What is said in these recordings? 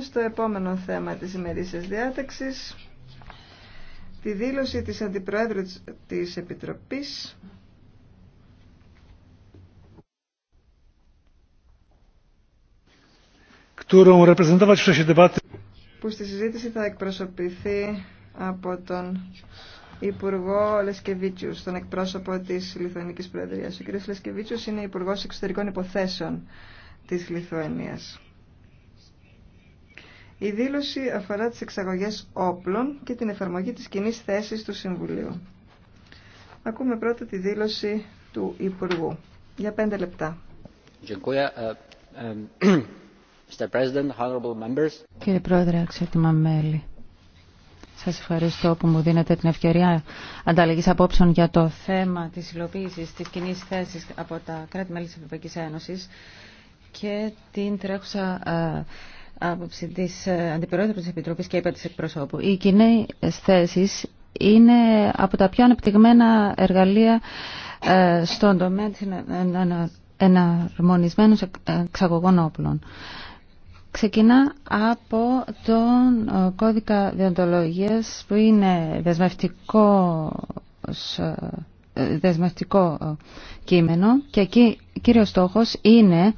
Στο επόμενο θέμα της ημερήσιας διάταξης, τη δήλωση της Αντιπροέδρου της Επιτροπής που στη συζήτηση θα εκπροσωπηθεί από τον Υπουργό Λεσκεβίτσιους, τον εκπρόσωπο της Λιθουανικής Προεδρίας. Ο κ. Λεσκεβίτσιους είναι Υπουργός Εξωτερικών Υποθέσεων της Λιθουανίας. Η δήλωση αφορά τις εξαγωγές όπλων και την εφαρμογή της κοινή θέσης του Συμβουλίου. Ακούμε πρώτα τη δήλωση του Υπουργού. Για πέντε λεπτά. Ε, ε, Κύριε Πρόεδρε, αξιότιμα μέλη. Σας ευχαριστώ που μου δίνετε την ευκαιρία ανταλλαγής απόψεων για το θέμα της υλοποίησης της κοινή θέσης από τα κράτη-μέλη της Ευρωπαϊκής Ένωσης και την τρέχουσα ε, άποψη της ε, αντιπρόεδρο τη Επιτροπής και είπα της εκπροσώπου. Οι κοινέ θέσει είναι από τα πιο αναπτυγμένα εργαλεία ε, στον τομέα της εναρμονισμένων εξαγωγών όπλων. Ξεκινά από τον ε, κώδικα διοντολογίας που είναι δεσμευτικό δεσμευτικό κείμενο και εκεί κύριος στόχος είναι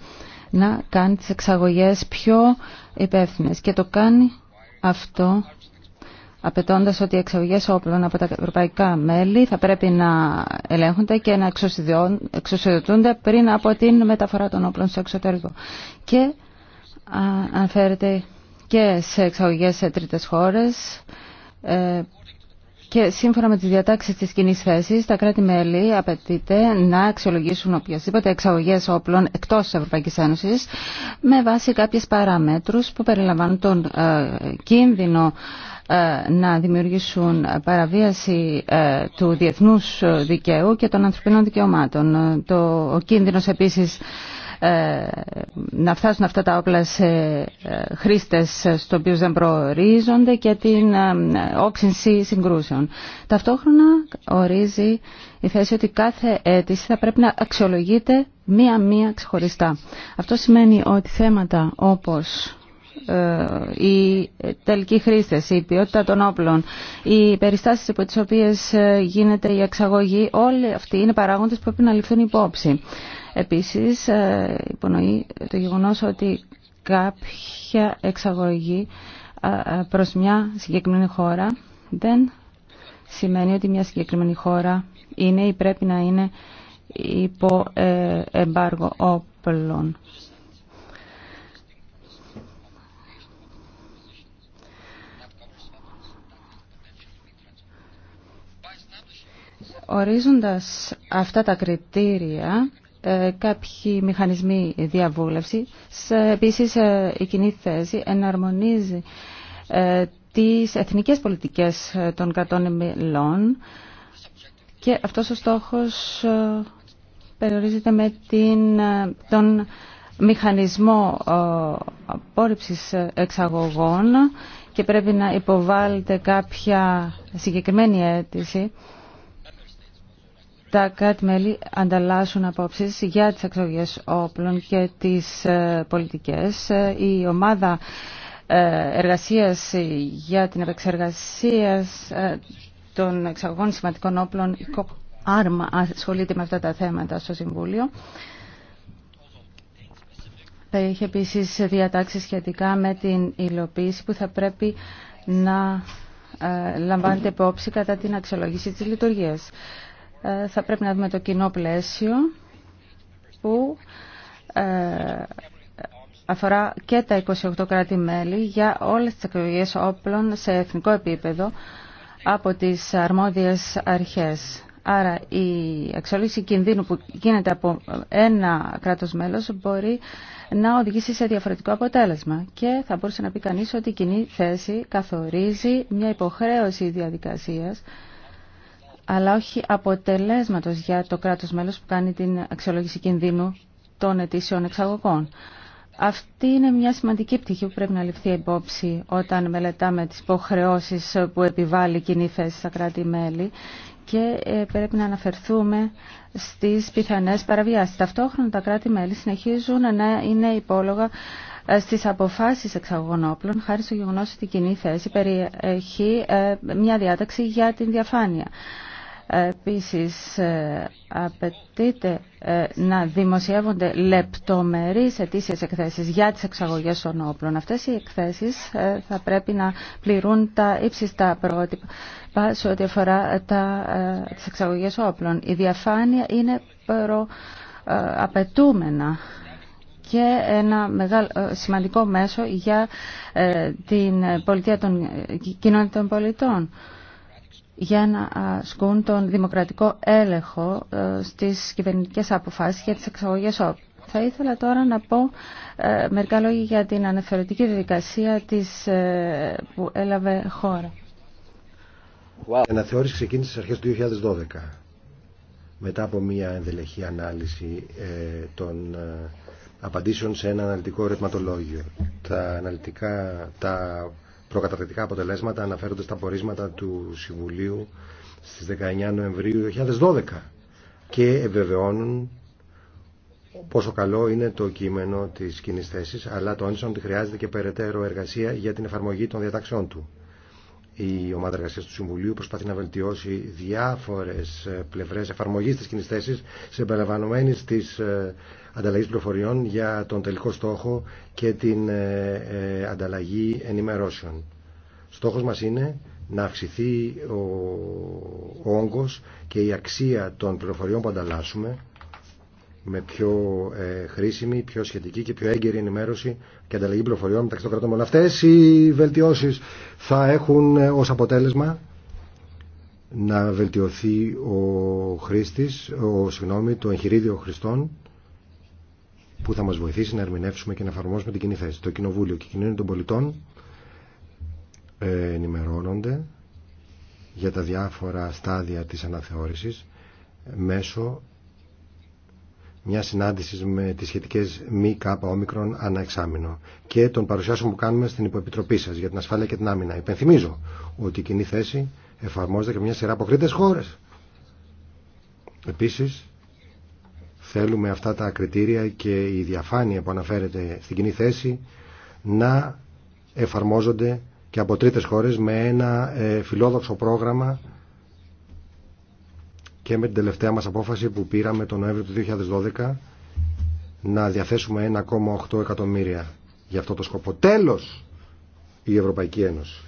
να κάνει τις εξαγωγές πιο υπεύθυνε. Και το κάνει αυτό απαιτώντα ότι οι εξαγωγέ όπλων από τα ευρωπαϊκά μέλη θα πρέπει να ελέγχονται και να εξουσιοδοτούνται πριν από την μεταφορά των όπλων στο εξωτερικό. Και αναφέρεται και σε εξαγωγέ σε τρίτε χώρε ε, και σύμφωνα με τις διατάξεις της κοινή θέση, τα κράτη-μέλη απαιτείται να αξιολογήσουν οποιασδήποτε εξαγωγές όπλων εκτός της Ευρωπαϊκής Ένωσης με βάση κάποιες παραμέτρους που περιλαμβάνουν τον ε, κίνδυνο ε, να δημιουργήσουν παραβίαση ε, του διεθνούς δικαίου και των ανθρωπίνων δικαιωμάτων. Το, ο κίνδυνος επίσης ε, να φτάσουν αυτά τα όπλα σε ε, χρήστες στο οποίους δεν προορίζονται και την ε, όξυνση συγκρούσεων. Ταυτόχρονα ορίζει η θέση ότι κάθε αίτηση θα πρέπει να αξιολογείται μία-μία ξεχωριστά. Αυτό σημαίνει ότι θέματα όπως ε, οι τελικοί χρήστες, η ποιότητα των όπλων, οι περιστάσεις από τις οποίες ε, γίνεται η εξαγωγή, όλοι αυτοί είναι παράγοντες που πρέπει να ληφθούν υπόψη. Επίσης, ε, υπονοεί το γεγονός ότι κάποια εξαγωγή προς μια συγκεκριμένη χώρα δεν σημαίνει ότι μια συγκεκριμένη χώρα είναι ή πρέπει να είναι υπό εμπάργο όπλων. Ορίζοντας αυτά τα κριτήρια, ε, κάποιοι μηχανισμοί διαβούλευσης, επίσης ε, η κοινή θέση εναρμονίζει ε, τις εθνικές πολιτικές των κρατών μελών και αυτός ο στόχος περιορίζεται με την, τον μηχανισμό απόρριψης εξαγωγών και πρέπει να υποβάλλεται κάποια συγκεκριμένη αίτηση τα κράτη-μέλη ανταλλάσσουν απόψεις για τις εξοργές όπλων και τις ε, πολιτικές. Ε, η ομάδα ε, εργασίας για την επεξεργασία των εξαγωγών σημαντικών όπλων, η άρμα ασχολείται με αυτά τα θέματα στο Συμβούλιο. Θα έχει επίσης διατάξεις σχετικά με την υλοποίηση που θα πρέπει να λαμβάνεται υπόψη κατά την αξιολόγηση της λειτουργίας. Ε, θα πρέπει να δούμε το κοινό πλαίσιο που ε, αφορά και τα 28 κράτη-μέλη για όλες τις εκλογές όπλων σε εθνικό επίπεδο από τις αρμόδιες αρχές. Άρα η εξόλυση κινδύνου που γίνεται από ένα κράτος μέλος μπορεί να οδηγήσει σε διαφορετικό αποτέλεσμα. Και θα μπορούσε να πει κανείς ότι η κοινή θέση καθορίζει μια υποχρέωση διαδικασίας αλλά όχι αποτελέσματος για το κράτος μέλος που κάνει την αξιολόγηση κινδύνου των αιτήσεων εξαγωγών. Αυτή είναι μια σημαντική πτυχή που πρέπει να ληφθεί υπόψη όταν μελετάμε τις υποχρεώσει που επιβάλλει κοινή θέση στα κράτη-μέλη και ε, πρέπει να αναφερθούμε στις πιθανές παραβιάσεις. Ταυτόχρονα τα κράτη-μέλη συνεχίζουν να είναι υπόλογα ε, στις αποφάσεις εξαγωγών όπλων, χάρη στο γεγονός ότι η κοινή θέση περιέχει ε, μια διάταξη για την διαφάνεια. Επίσης, ε, απαιτείται ε, να δημοσιεύονται λεπτομερείς ετήσιες εκθέσεις για τις εξαγωγές των όπλων. Αυτές οι εκθέσεις ε, θα πρέπει να πληρούν τα ύψιστα πρότυπα σε ό,τι αφορά τα, τις εξαγωγές όπλων. Η διαφάνεια είναι προαπαιτούμενα και ένα μεγάλο, σημαντικό μέσο για την πολιτεία των των πολιτών για να ασκούν τον δημοκρατικό έλεγχο ε, στις κυβερνητικές αποφάσεις για τις εξαγωγές όπλων. Θα ήθελα τώρα να πω ε, μερικά λόγια για την αναφερετική διαδικασία της, ε, που έλαβε χώρα. Wow. Η αναθεώρηση ξεκίνησε στις αρχές του 2012 μετά από μια ενδελεχή ανάλυση των απαντήσεων σε ένα αναλυτικό ρευματολόγιο. Τα, αναλυτικά, τα Προκαταρκτικά αποτελέσματα αναφέρονται στα πορίσματα του Συμβουλίου στις 19 Νοεμβρίου 2012 και επιβεβαιώνουν πόσο καλό είναι το κείμενο της κοινή θέση, αλλά τόνισαν ότι χρειάζεται και περαιτέρω εργασία για την εφαρμογή των διατάξεών του. Η ομάδα εργασία του Συμβουλίου προσπαθεί να βελτιώσει διάφορε πλευρέ εφαρμογή τη κοινή σε συμπεριλαμβανομένη τη ε, ανταλλαγή πληροφοριών για τον τελικό στόχο και την ε, ε, ανταλλαγή ενημερώσεων. Στόχος μας είναι να αυξηθεί ο, όγκο όγκος και η αξία των πληροφοριών που ανταλλάσσουμε με πιο ε, χρήσιμη, πιο σχετική και πιο έγκαιρη ενημέρωση και ανταλλαγή πληροφοριών μεταξύ των κρατών. Αυτέ οι βελτιώσεις θα έχουν ε, ως αποτέλεσμα να βελτιωθεί ο χρήστη, ο, συγγνώμη, το εγχειρίδιο χρηστών που θα μας βοηθήσει να ερμηνεύσουμε και να εφαρμόσουμε την κοινή θέση. Το Κοινοβούλιο και η Κοινωνία των Πολιτών ε, ενημερώνονται για τα διάφορα στάδια της αναθεώρησης μέσω μια συνάντηση με τι σχετικέ μη κάπα όμικρον ανά εξάμεινο και των παρουσιάσεων που κάνουμε στην υποεπιτροπή σα για την ασφάλεια και την άμυνα. Υπενθυμίζω ότι η κοινή θέση εφαρμόζεται και μια σειρά από χώρες. χώρε. Επίση, θέλουμε αυτά τα κριτήρια και η διαφάνεια που αναφέρεται στην κοινή θέση να εφαρμόζονται και από τρίτε χώρε με ένα ε, φιλόδοξο πρόγραμμα και με την τελευταία μας απόφαση που πήραμε τον Νοέμβριο του 2012 να διαθέσουμε 1,8 εκατομμύρια για αυτό το σκοπό. Τέλος η Ευρωπαϊκή Ένωση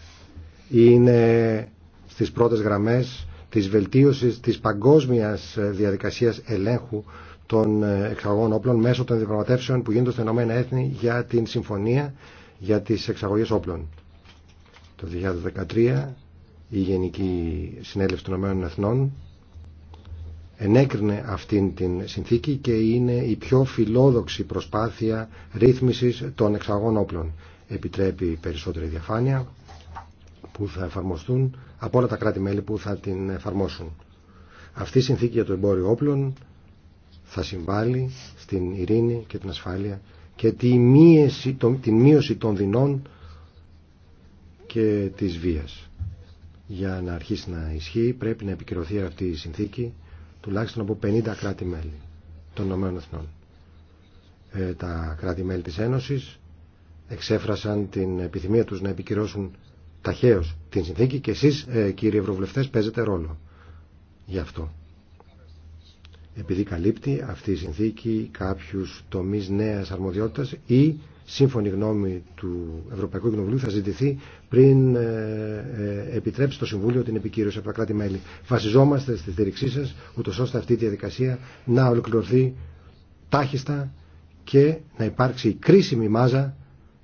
είναι στις πρώτες γραμμές της βελτίωσης της παγκόσμιας ε, διαδικασίας ελέγχου των ε, εξαγωγών όπλων μέσω των διαπραγματεύσεων που γίνονται στα Ηνωμένα Έθνη για την συμφωνία για τις εξαγωγές όπλων. Το 2013 η Γενική Συνέλευση των Ηνωμένων Εθνών ενέκρινε αυτήν την συνθήκη και είναι η πιο φιλόδοξη προσπάθεια ρύθμισης των εξαγών όπλων. Επιτρέπει περισσότερη διαφάνεια που θα εφαρμοστούν από όλα τα κράτη-μέλη που θα την εφαρμόσουν. Αυτή η συνθήκη για το εμπόριο όπλων θα συμβάλλει στην ειρήνη και την ασφάλεια και την μείωση των δεινών και της βίας. Για να αρχίσει να ισχύει πρέπει να επικυρωθεί αυτή η συνθήκη τουλάχιστον από 50 κράτη-μέλη των ΗΠΑ. Ε, τα κράτη-μέλη της Ένωσης εξέφρασαν την επιθυμία τους να επικυρώσουν ταχαίως την συνθήκη και εσείς ε, κύριοι ευρωβουλευτές παίζετε ρόλο γι' αυτό. Επειδή καλύπτει αυτή η συνθήκη κάποιους τομείς νέας αρμοδιότητας ή σύμφωνη γνώμη του Ευρωπαϊκού Κοινοβουλίου θα ζητηθεί πριν ε, ε, επιτρέψει το Συμβούλιο την επικύρωση από τα κράτη-μέλη. Βασιζόμαστε στη στήριξή σα, ούτω ώστε αυτή η διαδικασία να ολοκληρωθεί τάχιστα και να υπάρξει η κρίσιμη μάζα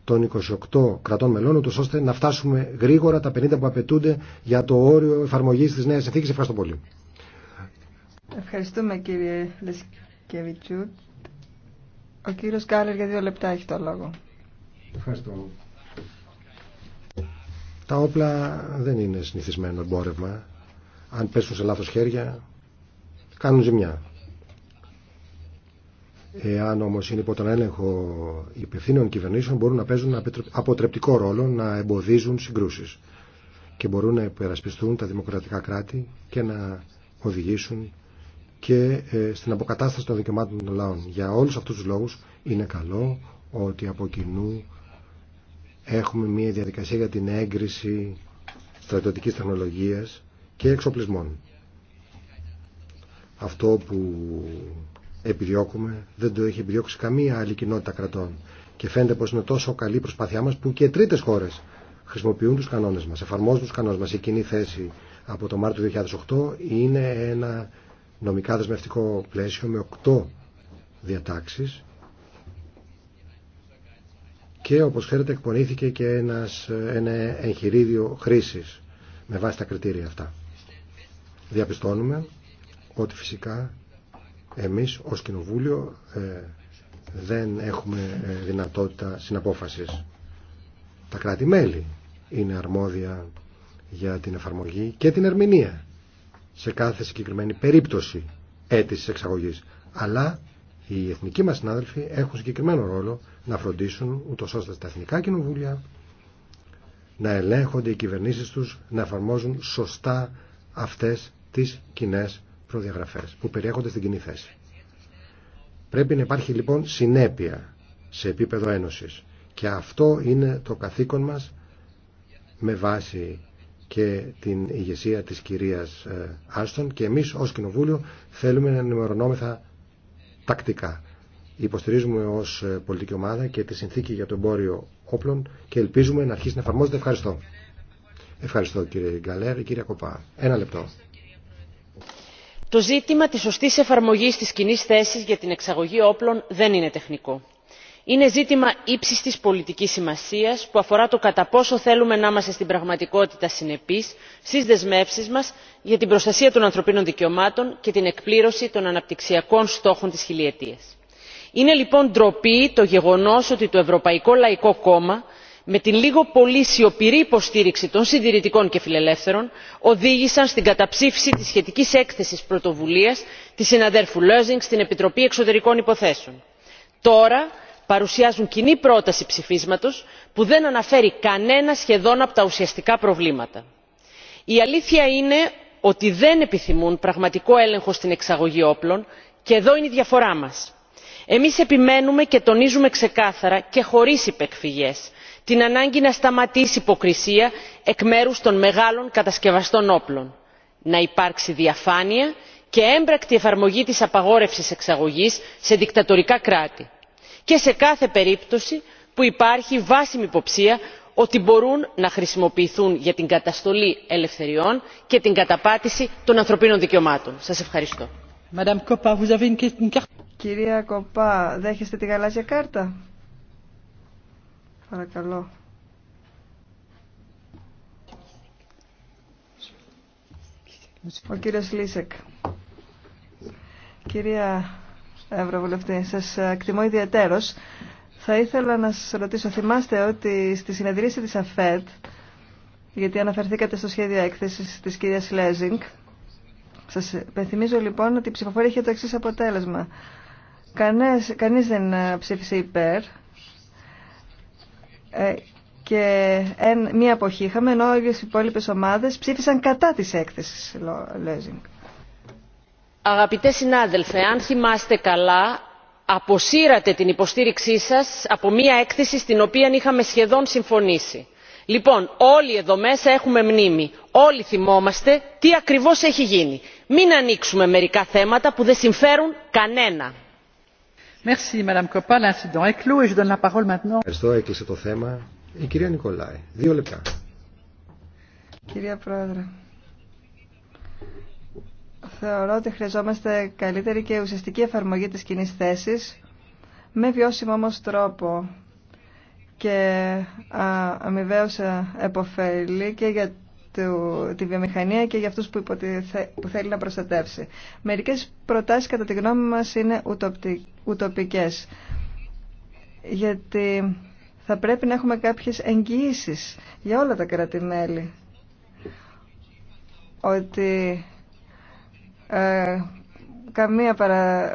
των 28 κρατών μελών, ούτω ώστε να φτάσουμε γρήγορα τα 50 που απαιτούνται για το όριο εφαρμογής της νέας Συνθήκη. Ευχαριστώ πολύ. Ευχαριστούμε κύριε Λεσκεβιτσούτ. Ο κύριος Γκάλερ για δύο λεπτά έχει το λόγο. Ευχαριστώ. Τα όπλα δεν είναι συνηθισμένο εμπόρευμα. Αν πέσουν σε λάθος χέρια, κάνουν ζημιά. Εάν όμω είναι υπό τον έλεγχο υπευθύνων κυβερνήσεων, μπορούν να παίζουν αποτρεπτικό ρόλο, να εμποδίζουν συγκρούσει και μπορούν να υπερασπιστούν τα δημοκρατικά κράτη και να οδηγήσουν και ε, στην αποκατάσταση των δικαιωμάτων των λαών. Για όλους αυτούς τους λόγους είναι καλό ότι από κοινού έχουμε μια διαδικασία για την έγκριση στρατιωτικής τεχνολογίας και εξοπλισμών. Αυτό που επιδιώκουμε δεν το έχει επιδιώξει καμία άλλη κοινότητα κρατών και φαίνεται πως είναι τόσο καλή η προσπάθειά μας που και τρίτες χώρες χρησιμοποιούν τους κανόνες μας, εφαρμόζουν τους κανόνες μας. Η κοινή θέση από το Μάρτιο 2008 είναι ένα νομικά δεσμευτικό πλαίσιο με οκτώ διατάξεις και όπως ξέρετε εκπονήθηκε και ένας, ένα εγχειρίδιο χρήσης με βάση τα κριτήρια αυτά. Διαπιστώνουμε ότι φυσικά εμείς ως Κοινοβούλιο ε, δεν έχουμε ε, δυνατότητα συναπόφασης. Τα κράτη-μέλη είναι αρμόδια για την εφαρμογή και την ερμηνεία σε κάθε συγκεκριμένη περίπτωση αίτηση εξαγωγή. Αλλά οι εθνικοί μας συνάδελφοι έχουν συγκεκριμένο ρόλο να φροντίσουν ούτω ώστε τα εθνικά κοινοβούλια να ελέγχονται οι κυβερνήσει τους να εφαρμόζουν σωστά αυτές τις κοινέ προδιαγραφές που περιέχονται στην κοινή θέση. Πρέπει να υπάρχει λοιπόν συνέπεια σε επίπεδο ένωσης και αυτό είναι το καθήκον μας με βάση και την ηγεσία της κυρίας ε, Άστον και εμείς ως Κοινοβούλιο θέλουμε να ενημερωνόμεθα τακτικά. Υποστηρίζουμε ως ε, πολιτική ομάδα και τη συνθήκη για το εμπόριο όπλων και ελπίζουμε να αρχίσει να εφαρμόζεται. Ευχαριστώ. Ευχαριστώ κύριε Γκαλέρ. Κύριε Κοπά, ένα λεπτό. Το ζήτημα της σωστής εφαρμογής της κοινή θέση για την εξαγωγή όπλων δεν είναι τεχνικό είναι ζήτημα ύψιστης της πολιτικής σημασίας που αφορά το κατά πόσο θέλουμε να είμαστε στην πραγματικότητα συνεπεί στις δεσμεύσεις μας για την προστασία των ανθρωπίνων δικαιωμάτων και την εκπλήρωση των αναπτυξιακών στόχων της χιλιετίας. είναι λοιπόν ντροπή το γεγονός ότι το ευρωπαϊκό λαϊκό κόμμα με την λίγο πολύ σιωπηρή υποστήριξη των συντηρητικών και φιλελεύθερων οδήγησαν στην καταψήφιση της σχετικής έκθεσης πρωτοβουλία της συναδέλφου lsing στην επιτροπή εξωτερικών υποθέσεων. τώρα παρουσιάζουν κοινή πρόταση ψηφίσματος που δεν αναφέρει κανένα σχεδόν από τα ουσιαστικά προβλήματα. η αλήθεια είναι ότι δεν επιθυμούν πραγματικό έλεγχο στην εξαγωγή όπλων και εδώ είναι η διαφορά μας. εμείς επιμένουμε και τονίζουμε ξεκάθαρα και χωρίς υπεκφυγές την ανάγκη να σταματήσει η υποκρισία εκ μέρους των μεγάλων κατασκευαστών όπλων να υπάρξει διαφάνεια και έμπρακτη εφαρμογή της απαγόρευσης εξαγωγής σε δικτατορικά κράτη και σε κάθε περίπτωση που υπάρχει βάσιμη υποψία ότι μπορούν να χρησιμοποιηθούν για την καταστολή ελευθεριών και την καταπάτηση των ανθρωπίνων δικαιωμάτων. σας ευχαριστώ. Κυρία Κοπά, κάρτα. Ευρωβουλευτή. Σας εκτιμώ ιδιαίτερος. Θα ήθελα να σας ρωτήσω, θυμάστε ότι στη συνεδρίαση της ΑΦΕΤ, γιατί αναφερθήκατε στο σχέδιο έκθεσης της κυρίας Λέζινγκ, σας υπενθυμίζω λοιπόν ότι η ψηφοφορία είχε το εξή αποτέλεσμα. Κανεί κανείς δεν ε, ψήφισε υπέρ ε, και μία αποχή είχαμε, ενώ οι υπόλοιπε ομάδες ψήφισαν κατά της έκθεσης Λέζινγκ αγαπητέ συνάδελφε αν θυμάστε καλά αποσύρατε την υποστήριξή σας από μια έκθεση στην οποία είχαμε σχεδόν συμφωνήσει. λοιπόν όλοι εδώ μέσα έχουμε μνήμη όλοι θυμόμαστε τι ακριβώς έχει γίνει. μην ανοίξουμε μερικά θέματα που δεν συμφέρουν κανένα. Ευχαριστώ. Έκλεισε το θέμα. κυρία Νικολάη. Δύο λεπτά. Κυρία Πρόεδρε, θεωρώ ότι χρειαζόμαστε καλύτερη και ουσιαστική εφαρμογή της κοινή θέση με βιώσιμο όμως τρόπο και αμοιβαίως ε, επωφελή και για τη βιομηχανία και για αυτούς που, θέλει να προστατεύσει. Μερικές προτάσεις κατά τη γνώμη μας είναι ουτοπικές γιατί θα πρέπει να έχουμε κάποιες εγγυήσει για όλα τα κράτη-μέλη ότι ε, καμία παρα,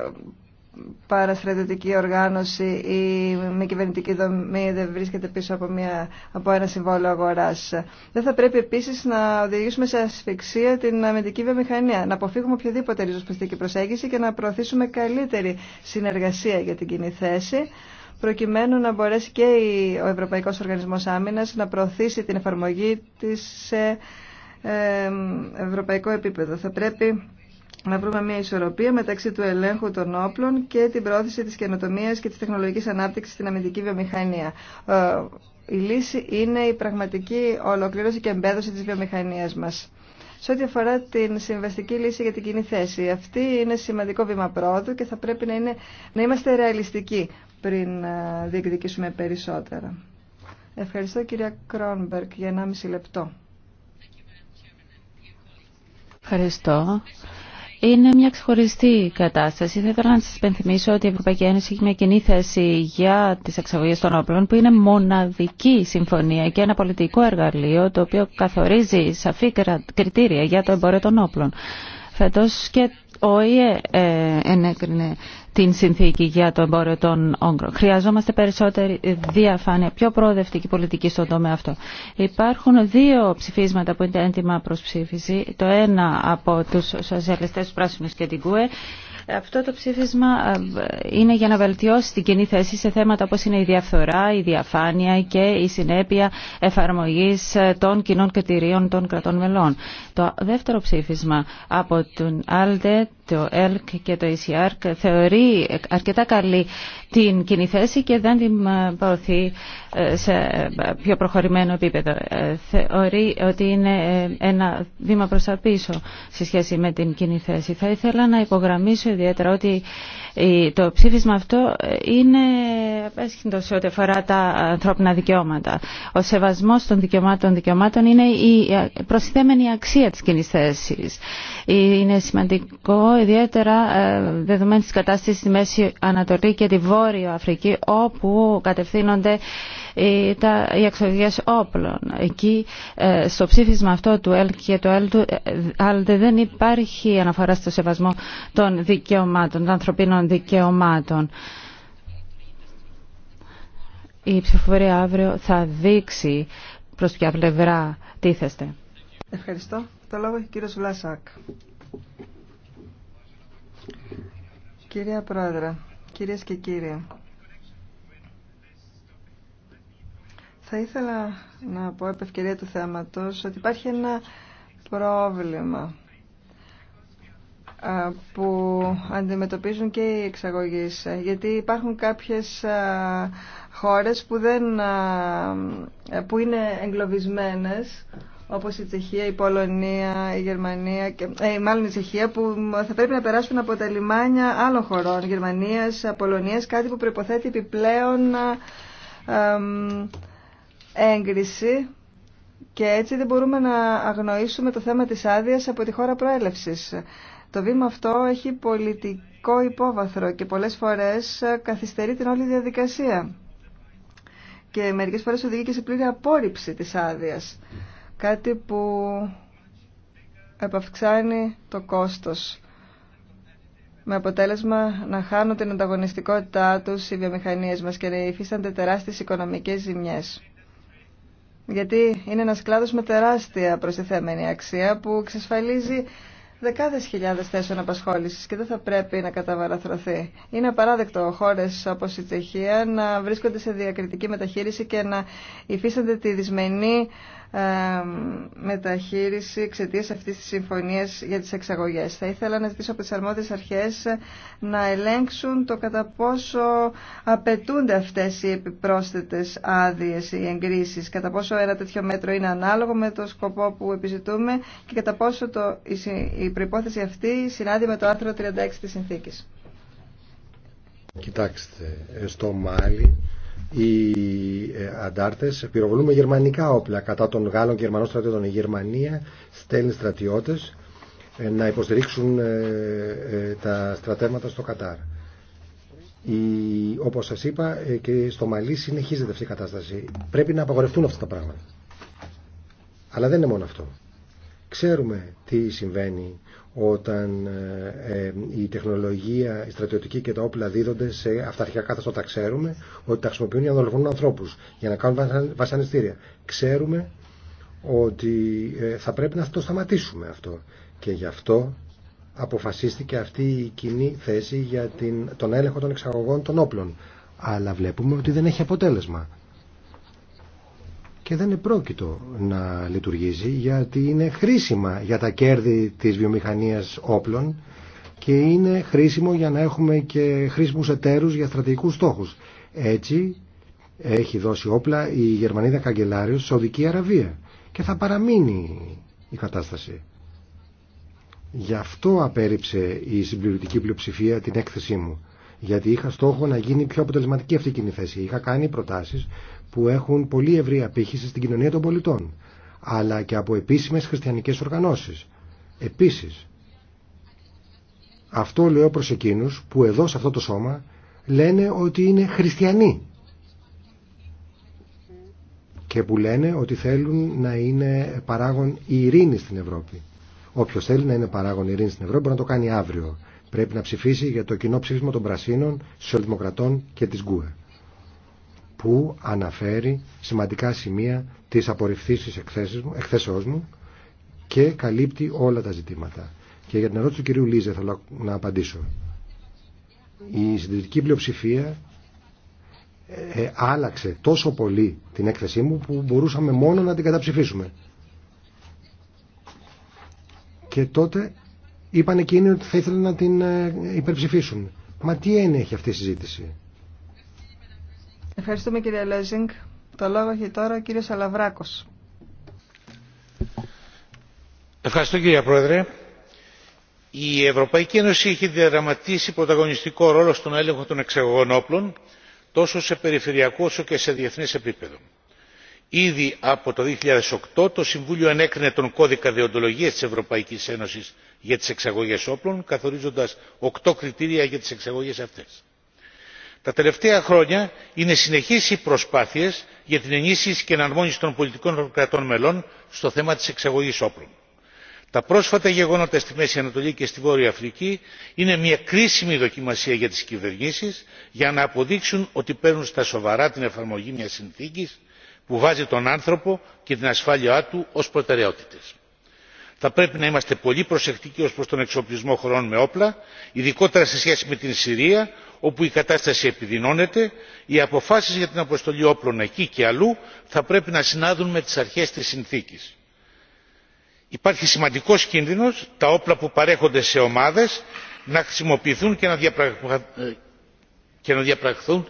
παραστρατιωτική οργάνωση ή μη κυβερνητική δομή δεν βρίσκεται πίσω από, μια, από ένα συμβόλαιο αγοράς. Δεν θα πρέπει επίσης να οδηγήσουμε σε ασφυξία την αμυντική βιομηχανία, να αποφύγουμε οποιαδήποτε ριζοσπαστική προσέγγιση και να προωθήσουμε καλύτερη συνεργασία για την κοινή θέση προκειμένου να μπορέσει και ο Ευρωπαϊκός Οργανισμός Άμυνας να προωθήσει την εφαρμογή της σε ευρωπαϊκό επίπεδο. Θα πρέπει να βρούμε μια ισορροπία μεταξύ του ελέγχου των όπλων και την πρόθεση της καινοτομίας και της τεχνολογικής ανάπτυξης στην αμυντική βιομηχανία. Ε, η λύση είναι η πραγματική ολοκλήρωση και εμπέδωση της βιομηχανίας μας. Σε ό,τι αφορά την συμβαστική λύση για την κοινή θέση, αυτή είναι σημαντικό βήμα πρόοδου και θα πρέπει να, είναι, να είμαστε ρεαλιστικοί πριν ε, διεκδικήσουμε περισσότερα. Ευχαριστώ κυρία Κρόνμπερκ για 1,5 λεπτό. Ευχαριστώ είναι μια ξεχωριστή κατάσταση. Θα ήθελα να σα υπενθυμίσω ότι η Ευρωπαϊκή Ένωση έχει μια κοινή θέση για τι εξαγωγέ των όπλων, που είναι μοναδική συμφωνία και ένα πολιτικό εργαλείο το οποίο καθορίζει σαφή κριτήρια για το εμπόριο των όπλων. Φέτο και ο ΟΗΕ ε, ενέκρινε την συνθήκη για το εμπόριο των όγκρων. Χρειαζόμαστε περισσότερη διαφάνεια, πιο προοδευτική πολιτική στον τομέα αυτό. Υπάρχουν δύο ψηφίσματα που είναι έτοιμα προς ψήφιση. Το ένα από τους σοσιαλιστές, του πράσινου και την ΚΟΕ αυτό το ψήφισμα ε, είναι για να βελτιώσει την κοινή θέση σε θέματα όπως είναι η διαφθορά, η διαφάνεια και η συνέπεια εφαρμογής ε, των κοινών κριτηρίων των κρατών μελών. Το δεύτερο ψήφισμα από τον ΑΛΔΕ, το ΕΛΚ και το ECR θεωρεί αρκετά καλή την κοινή θέση και δεν την ε, προωθεί σε πιο προχωρημένο επίπεδο. Θεωρεί ότι είναι ένα βήμα προς τα πίσω σε σχέση με την κοινή θέση. Θα ήθελα να υπογραμμίσω ιδιαίτερα ότι το ψήφισμα αυτό είναι έσχυντο σε ό,τι αφορά τα ανθρώπινα δικαιώματα. Ο σεβασμός των δικαιωμάτων δικαιωμάτων είναι η προσθέμενη αξία της κοινή θέση. Είναι σημαντικό ιδιαίτερα ε, δεδομένη της κατάστασης στη Μέση Ανατολή και τη Βόρεια Αφρική όπου κατευθύνονται ε, τα, οι όπλων. Εκεί ε, στο ψήφισμα αυτό του ΕΛ και του ΕΛ του ε, δεν υπάρχει αναφορά στο σεβασμό των δικαιωμάτων, των ανθρωπίνων δικαιωμάτων. Η ψηφοφορία αύριο θα δείξει προς ποια πλευρά τίθεστε. Ευχαριστώ. Το λόγο έχει κύριος Βλάσακ. Κυρία Πρόεδρε, κυρίες και κύριοι, Θα ήθελα να πω επ' ευκαιρία του θέματος ότι υπάρχει ένα πρόβλημα που αντιμετωπίζουν και οι εξαγωγείς ε, γιατί υπάρχουν κάποιες χώρες που, δεν, ε, που είναι εγκλωβισμένες όπως η Τσεχία, η Πολωνία, η Γερμανία, και, ε, μάλλον η Τσεχία που θα πρέπει να περάσουν από τα λιμάνια άλλων χωρών, Γερμανίας, Πολωνίας, κάτι που προϋποθέτει επιπλέον έγκριση και έτσι δεν μπορούμε να αγνοήσουμε το θέμα της άδειας από τη χώρα προέλευσης. Το βήμα αυτό έχει πολιτικό υπόβαθρο και πολλές φορές καθυστερεί την όλη διαδικασία και μερικές φορές οδηγεί και σε πλήρη απόρριψη της άδειας. Κάτι που επαυξάνει το κόστος με αποτέλεσμα να χάνουν την ανταγωνιστικότητά τους οι βιομηχανίες μας και να υφίστανται τεράστιες οικονομικές ζημιές γιατί είναι ένας κλάδος με τεράστια προστιθέμενη αξία που εξασφαλίζει δεκάδες χιλιάδες θέσεων απασχόλησης και δεν θα πρέπει να καταβαραθρωθεί. Είναι απαράδεκτο χώρες όπως η Τσεχία να βρίσκονται σε διακριτική μεταχείριση και να υφίστανται τη δυσμενή ε, μεταχείριση εξαιτία αυτή τη συμφωνία για τι εξαγωγέ. Θα ήθελα να ζητήσω από τι αρμόδιε αρχέ να ελέγξουν το κατά πόσο απαιτούνται αυτέ οι επιπρόσθετε άδειε ή εγκρίσει, κατά πόσο ένα τέτοιο μέτρο είναι ανάλογο με το σκοπό που επιζητούμε και κατά πόσο το, η προπόθεση αυτή συνάδει με το άρθρο 36 τη συνθήκη. Κοιτάξτε, στο Μάλι οι ε, αντάρτες πυροβολούν με γερμανικά όπλα κατά των Γάλλων και Γερμανών στρατιώτων. Η Γερμανία στέλνει στρατιώτες ε, να υποστηρίξουν ε, τα στρατεύματα στο Κατάρ. Η, όπως σας είπα και στο Μαλί συνεχίζεται αυτή η κατάσταση. Πρέπει να απαγορευτούν αυτά τα πράγματα. Αλλά δεν είναι μόνο αυτό. Ξέρουμε τι συμβαίνει όταν ε, ε, η τεχνολογία, η στρατιωτική και τα όπλα δίδονται σε αυταρχικά καθεστώτα. Ξέρουμε ότι τα χρησιμοποιούν για να δολοφονούν ανθρώπους, για να κάνουν βασανιστήρια. Ξέρουμε ότι ε, θα πρέπει να το σταματήσουμε αυτό. Και γι' αυτό αποφασίστηκε αυτή η κοινή θέση για την, τον έλεγχο των εξαγωγών των όπλων. Αλλά βλέπουμε ότι δεν έχει αποτέλεσμα και δεν είναι πρόκειτο να λειτουργήσει γιατί είναι χρήσιμα για τα κέρδη της βιομηχανίας όπλων και είναι χρήσιμο για να έχουμε και χρήσιμους εταίρους για στρατηγικούς στόχους. Έτσι έχει δώσει όπλα η Γερμανίδα Καγκελάριος στη Σαουδική Αραβία και θα παραμείνει η κατάσταση. Γι' αυτό απέρριψε η συμπληρωτική πλειοψηφία την έκθεσή μου γιατί είχα στόχο να γίνει πιο αποτελεσματική αυτή η κοινή θέση. Είχα κάνει προτάσεις που έχουν πολύ ευρύ απήχηση στην κοινωνία των πολιτών, αλλά και από επίσημες χριστιανικές οργανώσεις. Επίσης, αυτό λέω προς εκείνους που εδώ σε αυτό το σώμα λένε ότι είναι χριστιανοί και που λένε ότι θέλουν να είναι παράγον η ειρήνη στην Ευρώπη. Όποιος θέλει να είναι παράγον ειρήνη στην Ευρώπη μπορεί να το κάνει αύριο πρέπει να ψηφίσει για το κοινό ψήφισμα των Πρασίνων, Σοσιαλδημοκρατών και της Γκουε που αναφέρει σημαντικά σημεία της απορριφθήσης εκθέσεώς μου και καλύπτει όλα τα ζητήματα. Και για την ερώτηση του κυρίου Λίζε θέλω να απαντήσω. Η συντηρητική πλειοψηφία ε, ε άλλαξε τόσο πολύ την έκθεσή μου που μπορούσαμε μόνο να την καταψηφίσουμε. Και τότε είπαν εκείνοι ότι θα ήθελαν να την ε, υπερψηφίσουν. Μα τι έννοια έχει αυτή η συζήτηση. Ευχαριστούμε κύριε Λέζινγκ. Το λόγο έχει τώρα ο κύριος Αλαβράκος. Ευχαριστώ κύριε Πρόεδρε. Η Ευρωπαϊκή Ένωση έχει διαδραματίσει πρωταγωνιστικό ρόλο στον έλεγχο των εξαγωγών όπλων τόσο σε περιφερειακό όσο και σε διεθνές επίπεδο ήδη από το 2008 το Συμβούλιο ενέκρινε τον κώδικα δεοντολογίας της Ευρωπαϊκής Ένωσης για τις εξαγωγές όπλων, καθορίζοντας οκτώ κριτήρια για τις εξαγωγές αυτές. Τα τελευταία χρόνια είναι συνεχείς οι προσπάθειες για την ενίσχυση και εναρμόνιση των πολιτικών των κρατών μελών στο θέμα της εξαγωγής όπλων. Τα πρόσφατα γεγονότα στη Μέση Ανατολή και στη Βόρεια Αφρική είναι μια κρίσιμη δοκιμασία για τις κυβερνήσεις για να αποδείξουν ότι παίρνουν στα σοβαρά την εφαρμογή μιας συνθήκης που βάζει τον άνθρωπο και την ασφάλειά του ως προτεραιότητες. Θα πρέπει να είμαστε πολύ προσεκτικοί ως προς τον εξοπλισμό χωρών με όπλα, ειδικότερα σε σχέση με την Συρία, όπου η κατάσταση επιδεινώνεται, οι αποφάσεις για την αποστολή όπλων εκεί και αλλού θα πρέπει να συνάδουν με τις αρχές της συνθήκης. Υπάρχει σημαντικός κίνδυνος τα όπλα που παρέχονται σε ομάδες να χρησιμοποιηθούν και να διαπραχθούν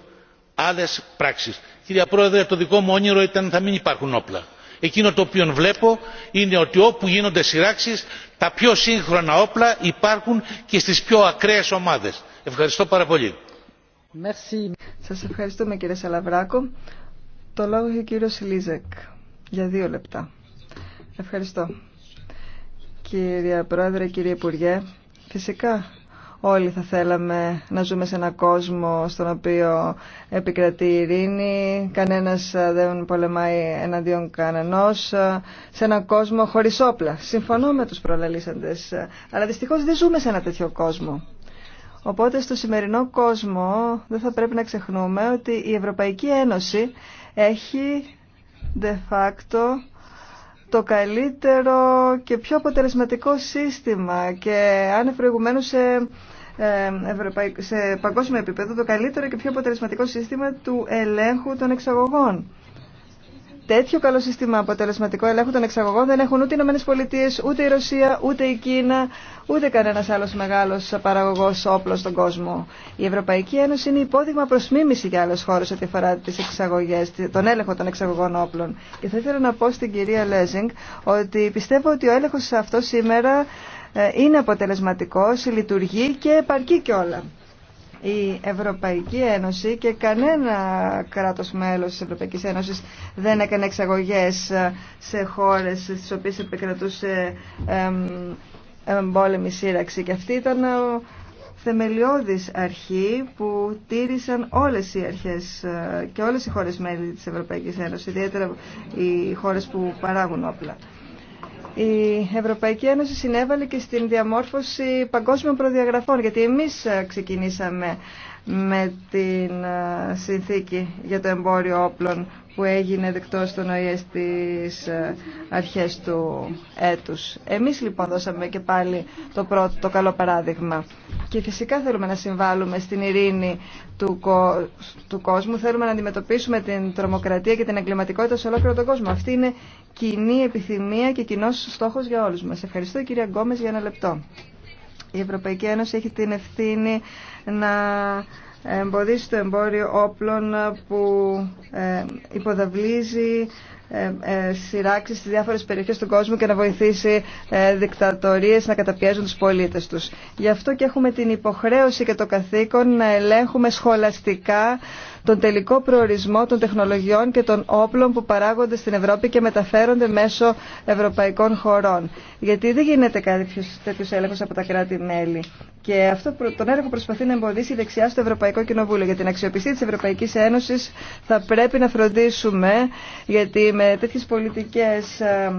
άλλες πράξεις κυρία πρόεδρε το δικό μου όνειρο ήταν να μην υπάρχουν όπλα. εκείνο το οποίο βλέπω είναι ότι όπου γίνονται σειράξεις τα πιο σύγχρονα όπλα υπάρχουν και στις πιο ακραίες ομάδες. ευχαριστώ πάρα πολύ. Σας ευχαριστούμε κύριε Σαλαβράκο. Το λόγο έχει ο κύριος Λίζεκ για δύο λεπτά. Ευχαριστώ. Κύριε Πρόεδρε, κύριε Υπουργέ, φυσικά όλοι θα θέλαμε να ζούμε σε έναν κόσμο στον οποίο επικρατεί η ειρήνη, κανένας ε, δεν πολεμάει εναντίον κανενός, ε, σε έναν κόσμο χωρίς όπλα. Συμφωνώ με τους προλαλήσαντες, ε, αλλά δυστυχώς δεν ζούμε σε ένα τέτοιο κόσμο. Οπότε στο σημερινό κόσμο δεν θα πρέπει να ξεχνούμε ότι η Ευρωπαϊκή Ένωση έχει de facto το καλύτερο και πιο αποτελεσματικό σύστημα και αν προηγουμένως σε, ε, σε παγκόσμιο επίπεδο το καλύτερο και πιο αποτελεσματικό σύστημα του ελέγχου των εξαγωγών τέτοιο καλό σύστημα αποτελεσματικό ελέγχου των εξαγωγών δεν έχουν ούτε οι Ηνωμένε Πολιτείε, ούτε η Ρωσία, ούτε η Κίνα, ούτε κανένα άλλο μεγάλο παραγωγό όπλο στον κόσμο. Η Ευρωπαϊκή Ένωση είναι υπόδειγμα προ μίμηση για άλλε χώρε ό,τι αφορά τι εξαγωγέ, τον έλεγχο των εξαγωγών όπλων. Και θα ήθελα να πω στην κυρία Λέζινγκ ότι πιστεύω ότι ο έλεγχο αυτό σήμερα ε, είναι αποτελεσματικό, λειτουργεί και επαρκεί κιόλα η Ευρωπαϊκή Ένωση και κανένα κράτος μέλος της Ευρωπαϊκής Ένωσης δεν έκανε εξαγωγές ε, σε χώρες στις οποίες επικρατούσε εμπόλεμη σύραξη και αυτή ήταν θεμελιώδης αρχή που τήρησαν όλες οι αρχές ε, και όλες οι χώρες μέλη της Ευρωπαϊκής Ένωσης, ιδιαίτερα οι χώρες που παράγουν όπλα. Η Ευρωπαϊκή Ένωση συνέβαλε και στην διαμόρφωση παγκόσμιων προδιαγραφών, γιατί εμείς ξεκινήσαμε με την ε, συνθήκη για το εμπόριο όπλων που έγινε δεκτό στον ΟΗΕ στις ε, αρχές του έτους. Εμείς λοιπόν δώσαμε και πάλι το πρώτο το καλό παράδειγμα. Και φυσικά θέλουμε να συμβάλλουμε στην ειρήνη του, του κόσμου, θέλουμε να αντιμετωπίσουμε την τρομοκρατία και την εγκληματικότητα σε ολόκληρο τον κόσμο. Αυτή είναι κοινή επιθυμία και κοινό στόχος για όλους μας. Ευχαριστώ κυρία Γκόμες για ένα λεπτό. Η Ευρωπαϊκή Ένωση έχει την ευθύνη να εμποδίσει το εμπόριο όπλων που ε, υποδαβλίζει ε, ε, σειράξει στις διάφορες περιοχές του κόσμου και να βοηθήσει δικτατορίες να καταπιέζουν τους πολίτες τους. Γι' αυτό και έχουμε την υποχρέωση και το καθήκον να ελέγχουμε σχολαστικά τον τελικό προορισμό των τεχνολογιών και των όπλων που παράγονται στην Ευρώπη και μεταφέρονται μέσω ευρωπαϊκών χωρών. Γιατί δεν γίνεται τέτοιο έλεγχο από τα κράτη-μέλη. Και αυτό τον έργο προσπαθεί να εμποδίσει η δεξιά στο Ευρωπαϊκό Κοινοβούλιο. Για την αξιοπιστία τη Ευρωπαϊκή Ένωση θα πρέπει να φροντίσουμε, γιατί με τέτοιε πολιτικέ ε,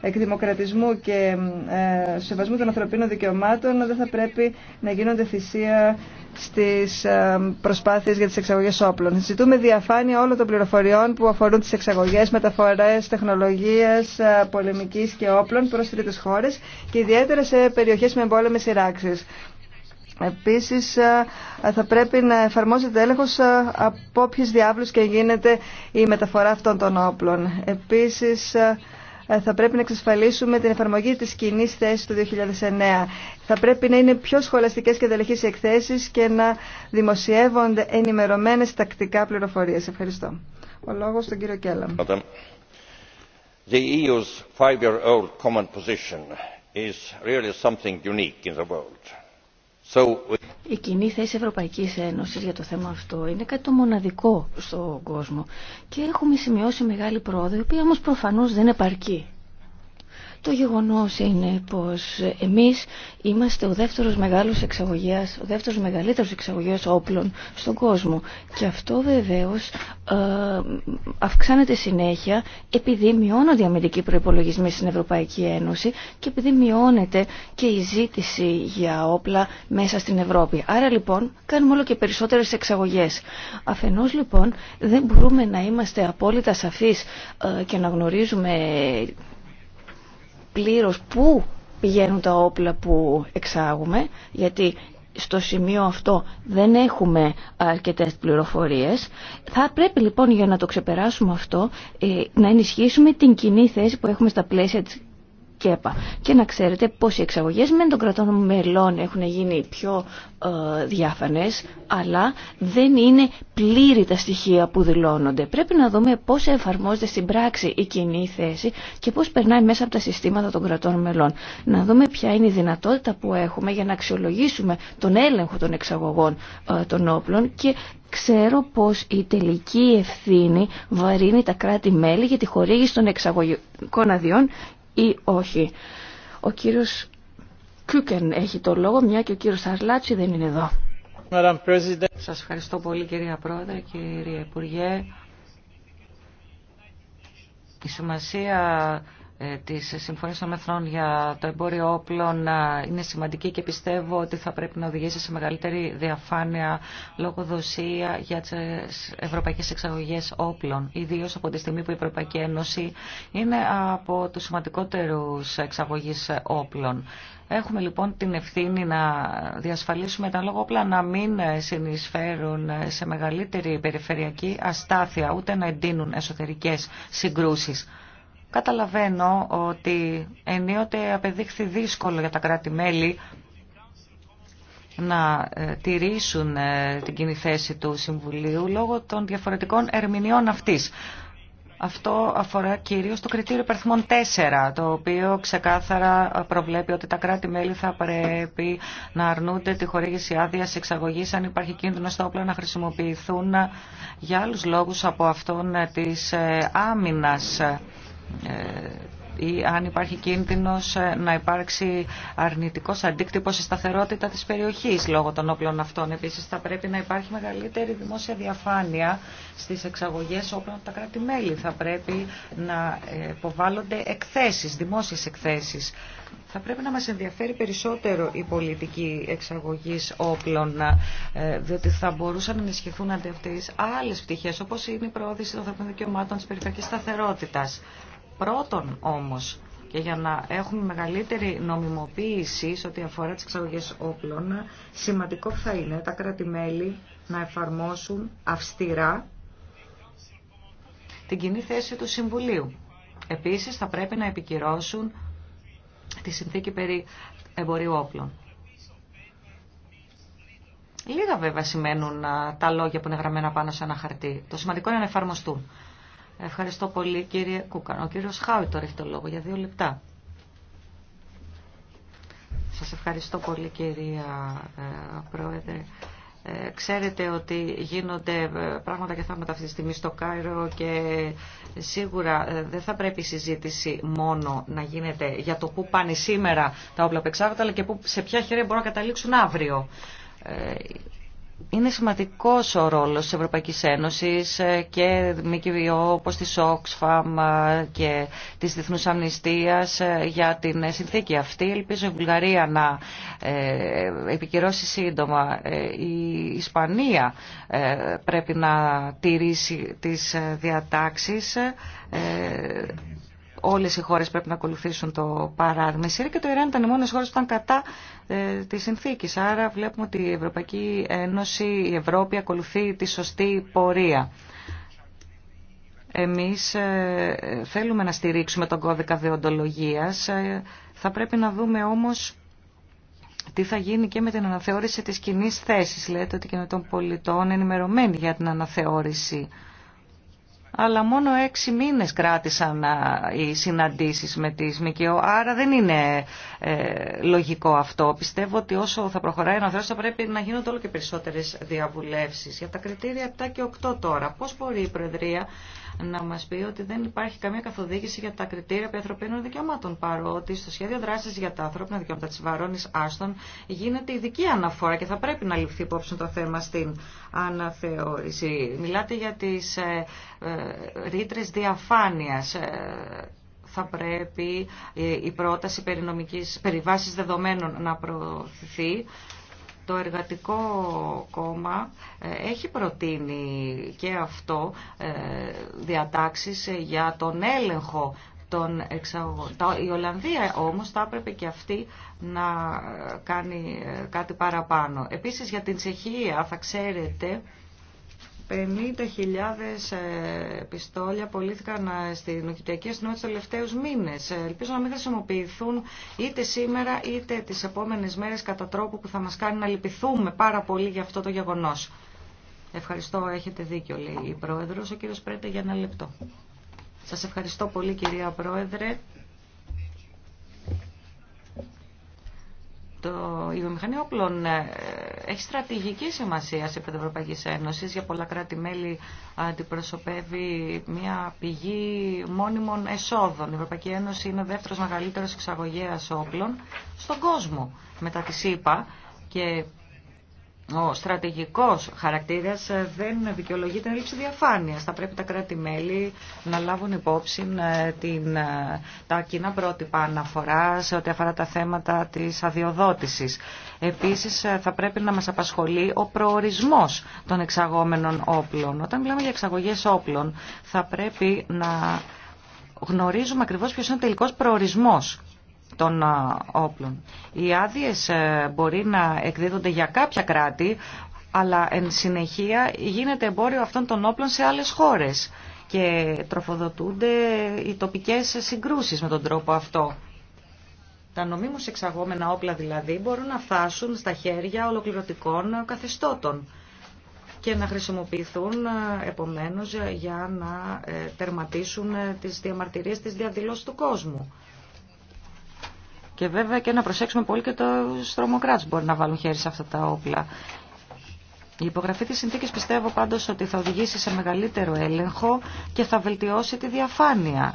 εκδημοκρατισμού και ε, σεβασμού των ανθρωπίνων δικαιωμάτων δεν θα πρέπει να γίνονται θυσία στις ε, προσπάθειες για τις εξαγωγές όπλων. Ζητούμε διαφάνεια όλων των πληροφοριών που αφορούν τις εξαγωγές, μεταφορές, τεχνολογίες, πολεμικής και όπλων προς τρίτες χώρες και ιδιαίτερα σε περιοχές με εμπόλεμες σειράξεις. Επίσης ε, θα πρέπει να εφαρμόζεται έλεγχος ε, από όποιες διάβλους και γίνεται η μεταφορά αυτών των όπλων. Επίσης ε, θα πρέπει να εξασφαλίσουμε την εφαρμογή της κοινή θέση του 2009. Θα πρέπει να είναι πιο σχολαστικές και δελεχείς εκθέσεις και να δημοσιεύονται ενημερωμένες τακτικά πληροφορίες. Ευχαριστώ. Ο λόγος στον κύριο e year old common position is really something unique in the world. Η κοινή θέση Ευρωπαϊκής Ένωσης για το θέμα αυτό είναι κάτι το μοναδικό στον κόσμο και έχουμε σημειώσει μεγάλη πρόοδο, η οποία όμως προφανώς δεν επαρκεί. Το γεγονός είναι πως εμείς είμαστε ο δεύτερος μεγάλος εξαγωγέας, ο δεύτερος μεγαλύτερος εξαγωγέας όπλων στον κόσμο. Και αυτό βεβαίως ε, αυξάνεται συνέχεια επειδή μειώνονται οι αμυντικοί προϋπολογισμοί στην Ευρωπαϊκή Ένωση και επειδή μειώνεται και η ζήτηση για όπλα μέσα στην Ευρώπη. Άρα λοιπόν κάνουμε όλο και περισσότερες εξαγωγές. Αφενός λοιπόν δεν μπορούμε να είμαστε απόλυτα σαφείς ε, και να γνωρίζουμε πλήρως πού πηγαίνουν τα όπλα που εξάγουμε, γιατί στο σημείο αυτό δεν έχουμε αρκετές πληροφορίες. Θα πρέπει λοιπόν για να το ξεπεράσουμε αυτό ε, να ενισχύσουμε την κοινή θέση που έχουμε στα πλαίσια της και να ξέρετε πως οι εξαγωγές μεν των κρατών μελών έχουν γίνει πιο ε, διάφανες, αλλά δεν είναι πλήρη τα στοιχεία που δηλώνονται. Πρέπει να δούμε πώς εφαρμόζεται στην πράξη η κοινή θέση και πώς περνάει μέσα από τα συστήματα των κρατών μελών. Να δούμε ποια είναι η δυνατότητα που έχουμε για να αξιολογήσουμε τον έλεγχο των εξαγωγών ε, των όπλων και ξέρω πως η τελική ευθύνη βαρύνει τα κράτη-μέλη για τη χορήγηση των εξαγωγικών αδειών ή όχι. Ο κύριος Κούκεν έχει το λόγο, μια και ο κύριος Αρλάτσι δεν είναι εδώ. Σας ευχαριστώ πολύ κυρία Πρόεδρε, κύριε Υπουργέ. Η σημασία ε, τη Συμφωνίας των Εθνών για το εμπόριο όπλων ε, είναι σημαντική και πιστεύω ότι θα πρέπει να οδηγήσει σε μεγαλύτερη διαφάνεια λογοδοσία για τις ευρωπαϊκές εξαγωγές όπλων. Ιδίως από τη στιγμή που η Ευρωπαϊκή Ένωση είναι από του σημαντικότερους εξαγωγείς όπλων. Έχουμε λοιπόν την ευθύνη να διασφαλίσουμε τα όπλα να μην συνεισφέρουν σε μεγαλύτερη περιφερειακή αστάθεια, ούτε να εντείνουν εσωτερικές συγκρούσεις. Καταλαβαίνω ότι ενίοτε απεδείχθη δύσκολο για τα κράτη-μέλη να ε, τηρήσουν ε, την κοινή θέση του Συμβουλίου λόγω των διαφορετικών ερμηνεών αυτής. Αυτό αφορά κυρίως το κριτήριο υπερθμών 4, το οποίο ξεκάθαρα προβλέπει ότι τα κράτη-μέλη θα πρέπει να αρνούνται τη χορήγηση άδεια εξαγωγής αν υπάρχει κίνδυνο στα όπλα να χρησιμοποιηθούν για άλλους λόγους από αυτόν της ε, άμυνας. Ε, ή αν υπάρχει κίνδυνος ε, να υπάρξει αρνητικός αντίκτυπος στη σταθερότητα της περιοχής λόγω των όπλων αυτών. Επίσης θα πρέπει να υπάρχει μεγαλύτερη δημόσια διαφάνεια στις εξαγωγές όπλων από τα κράτη-μέλη. Θα πρέπει να ε, υποβάλλονται εκθέσεις, δημόσιες εκθέσεις. Θα πρέπει να μας ενδιαφέρει περισσότερο η πολιτική εξαγωγής όπλων, διότι θα μπορούσαν να ενισχυθούν αντί αυτές άλλες πτυχές, όπως είναι η προώθηση των ανθρωπίνων δικαιωμάτων της περιφερειακής σταθερότητας. Πρώτον όμως, και για να έχουμε μεγαλύτερη νομιμοποίηση σε ό,τι αφορά τις εξαγωγές όπλων, σημαντικό θα είναι τα κράτη-μέλη να εφαρμόσουν αυστηρά την κοινή θέση του Συμβουλίου. Επίσης θα πρέπει να επικυρώσουν τη συνθήκη περί εμπορίου όπλων. Λίγα βέβαια σημαίνουν τα λόγια που είναι γραμμένα πάνω σε ένα χαρτί. Το σημαντικό είναι να εφαρμοστούν. Ευχαριστώ πολύ κύριε Κούκαν. Ο κύριος Χάουι τώρα έχει το λόγο για δύο λεπτά. Σας ευχαριστώ πολύ κυρία ε, Πρόεδρε. Ε, ξέρετε ότι γίνονται ε, πράγματα και θα αυτή τη στιγμή στο Κάιρο και σίγουρα δεν θα πρέπει η συζήτηση μόνο να γίνεται για το πού πάνε σήμερα τα όπλα που εξάγονται που αλλα και σε ποια χέρια μπορούν να καταλήξουν αύριο. Είναι σημαντικός ο ρόλος της Ευρωπαϊκής Ένωσης ε, και ΜΚΒΟ όπως της Oxfam ε, και της Διεθνούς Αμνηστίας ε, για την συνθήκη αυτή. Ελπίζω η Βουλγαρία να επικυρώσει σύντομα. Η Ισπανία πρέπει να τηρήσει τις διατάξεις όλες οι χώρες πρέπει να ακολουθήσουν το παράδειγμα. Η και το Ιράν ήταν οι μόνε χώρε που ήταν κατά ε, συνθήκη. Άρα βλέπουμε ότι η Ευρωπαϊκή Ένωση, η Ευρώπη ακολουθεί τη σωστή πορεία. Εμείς ε, θέλουμε να στηρίξουμε τον κώδικα διοντολογία. Ε, θα πρέπει να δούμε όμως τι θα γίνει και με την αναθεώρηση της κοινή θέσης. Λέτε ότι και με των πολιτών ενημερωμένοι για την αναθεώρηση αλλά μόνο έξι μήνες κράτησαν οι συναντήσεις με τις ΜΚΟ, άρα δεν είναι ε, λογικό αυτό. Πιστεύω ότι όσο θα προχωράει ένα θέρο θα πρέπει να γίνονται όλο και περισσότερες διαβουλεύσεις. Για τα κριτήρια 7 και 8 τώρα, πώς μπορεί η Προεδρία να μα πει ότι δεν υπάρχει καμία καθοδήγηση για τα κριτήρια περί ανθρωπίνων δικαιωμάτων, παρότι στο σχέδιο δράσης για τα ανθρώπινα δικαιώματα τη Βαρόνη Άστον γίνεται ειδική αναφορά και θα πρέπει να ληφθεί υπόψη το θέμα στην αναθεώρηση. Μιλάτε για τις ε, ε, ρήτρες διαφάνειας. Ε, θα πρέπει η πρόταση περί δεδομένων να προωθηθεί το Εργατικό Κόμμα ε, έχει προτείνει και αυτό ε, διατάξεις ε, για τον έλεγχο των εξαγωγών. Η Ολλανδία όμως θα έπρεπε και αυτή να κάνει κάτι παραπάνω. Επίσης για την Τσεχία θα ξέρετε 50.000 ε, πιστόλια πολίθηκαν ε, στην Οικητική Αστυνομία του τελευταίου μήνε. Ε, ελπίζω να μην χρησιμοποιηθούν είτε σήμερα είτε τι επόμενε μέρε κατά τρόπο που θα μα κάνει να λυπηθούμε πάρα πολύ για αυτό το γεγονό. Ευχαριστώ, έχετε δίκιο, λέει η Πρόεδρος. Ο κύριος Πρέτε για ένα λεπτό. Σας ευχαριστώ πολύ, κυρία Πρόεδρε. το, η βιομηχανία όπλων ε, έχει στρατηγική σημασία σε την Ευρωπαϊκή Ένωση. Για πολλά κράτη-μέλη αντιπροσωπεύει μια πηγή μόνιμων εσόδων. Η Ευρωπαϊκή Ένωση είναι ο δεύτερο μεγαλύτερο εξαγωγέα όπλων στον κόσμο μετά τη ΣΥΠΑ και ο στρατηγικός χαρακτήρας ε, δεν δικαιολογεί την έλλειψη διαφάνειας. Θα πρέπει τα κράτη-μέλη να λάβουν υπόψη ε, την, ε, τα κοινά πρότυπα αναφορά σε ό,τι αφορά τα θέματα της αδειοδότησης. Επίσης θα πρέπει να μας απασχολεί ο προορισμός των εξαγόμενων όπλων. Όταν μιλάμε για εξαγωγές όπλων θα πρέπει να γνωρίζουμε ακριβώς ποιος είναι ο τελικός προορισμός των όπλων. Οι άδειε ε, μπορεί να εκδίδονται για κάποια κράτη, αλλά εν συνεχεία γίνεται εμπόριο αυτών των όπλων σε άλλες χώρες και τροφοδοτούνται οι τοπικές συγκρούσεις με τον τρόπο αυτό. Τα νομίμως εξαγόμενα όπλα δηλαδή μπορούν να φτάσουν στα χέρια ολοκληρωτικών καθεστώτων και να χρησιμοποιηθούν ε, επομένως για να ε, τερματίσουν τις διαμαρτυρίες της διαδηλώσης του κόσμου. Και βέβαια και να προσέξουμε πολύ και το στρομοκράτς μπορεί να βάλουν χέρι σε αυτά τα όπλα. Η υπογραφή της συνθήκης πιστεύω πάντως ότι θα οδηγήσει σε μεγαλύτερο έλεγχο και θα βελτιώσει τη διαφάνεια